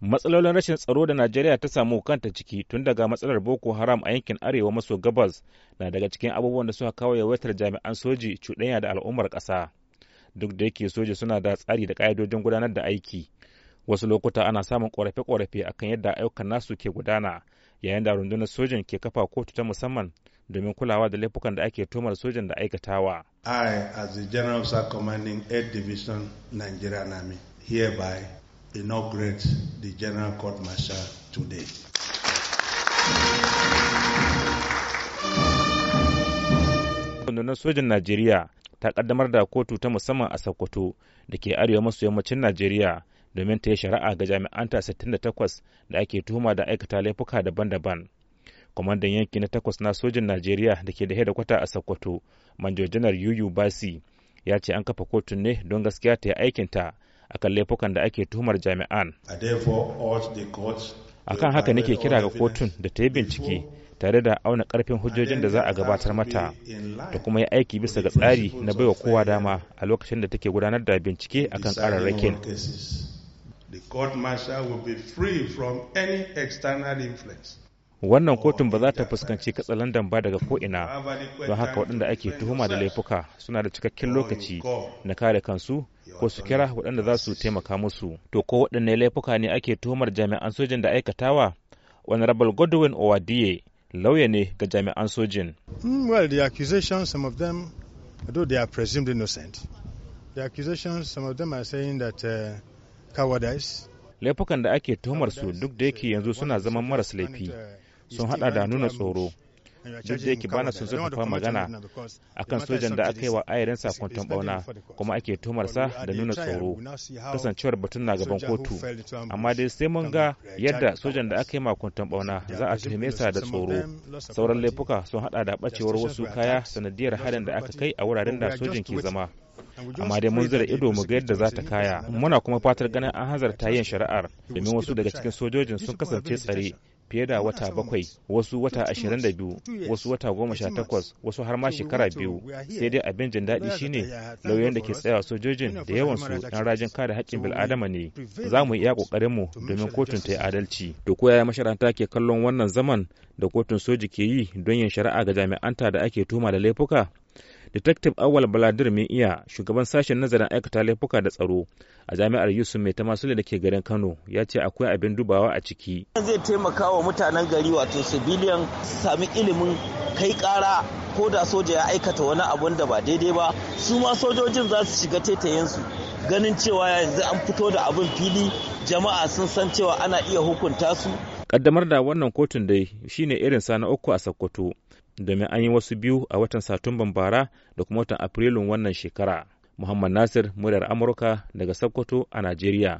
matsalolin rashin tsaro da najeriya ta samu kanta ciki tun daga matsalar boko haram a yankin arewa maso gabas na daga cikin abubuwan da suka kawo yawaitar jami'an soji cuɗanya da al'ummar ƙasa duk da yake soji suna da tsari da ƙa'idojin gudanar da aiki wasu lokuta ana samun ƙorafe-ƙorafe akan yadda ayyukan nasu ke gudana yayin da rundunar sojin ke kafa kotu ta musamman domin kulawa da laifukan da ake tomar sojan da aikatawa. I, as the General Officer Commanding 8 Division Nigeria Army, hereby inaugurate the General Court Martial today. Rundunar sojin Najeriya ta kaddamar da kotu ta musamman a Sokoto da ke arewa maso yammacin Najeriya domin ta yi shari'a ga jami'anta 68 da ake tuhuma da aikata laifuka daban-daban. Kwamandan yanki na takwas na sojin Najeriya da ke da hedikwata a Sokoto, Manjo Janar Yuyu Basi, ya ce an kafa kotun ne don gaskiya ta yi aikinta akan laifukan da ake tuhumar jami'an a kan haka nake kira ga kotun da ta yi bincike tare da auna karfin hujjojin da za a gabatar mata da kuma yi aiki bisa ga tsari na baiwa kowa dama a lokacin da take gudanar da bincike akan kararrakin wannan kotun ba za ta fuskanci katsalandan ba daga ko'ina don haka waɗanda ake tuhuma da laifuka suna da cikakken lokaci na kare kansu ko su kira waɗanda za su taimaka musu to ko waɗanne laifuka ne ake tuhumar jami'an sojin da aikatawa wani rabal godwin owadiye lauya ne ga jami'an sojin laifukan da ake tuhumar su duk da yake yanzu suna zaman maras laifi sun hada da nuna tsoro duk da yake bana son zurfafa magana akan sojan da aka yi wa ayarin sakonton bauna kuma ake tumarsa da nuna tsoro kasancewar batun na gaban kotu amma dai sai mun ga yadda sojan da aka yi kwanton bauna za a tuhume sa da tsoro sauran laifuka sun hada da bacewar wasu kaya sanadiyar harin da aka kai a wuraren da sojan ke zama amma dai mun zira ido mu ga yadda za ta kaya muna kuma fatar ganin an hanzarta yin shari'ar domin wasu daga cikin sojojin sun kasance tsare fiye da wata bakwai wasu wata ashirin da biyu wasu wata goma sha takwas wasu har ma shekara biyu sai dai abin jin daɗi shine lauyoyin da ke tsayawa sojojin da yawan su ɗan rajin kare haƙƙin bil'adama ne za mu iya mu domin kotun ta yi adalci da ko yaya masharanta ke kallon wannan zaman da kotun soji ke yi don yin shari'a ga jami'anta da ake tuma da laifuka Detective Awal Baladir mai iya shugaban sashen nazarin aikata laifuka da tsaro a jami'ar Yusuf mai tamasule da ke garin Kano ya ce akwai abin dubawa a ciki. Zai taimaka wa mutanen gari wato civilian sami ilimin kai kara ko da soja ya aikata wani abun da ba daidai ba su ma sojojin za su shiga taitayensu ganin cewa yanzu an fito da abin fili jama'a sun san cewa ana iya hukunta su. Kaddamar da wannan kotun dai shine irin sa na uku a Sokoto. domin an yi wasu biyu a watan Satumban bara da kuma watan Afrilun wannan shekara. Muhammad Nasir, muryar Amurka daga Sokoto a Najeriya.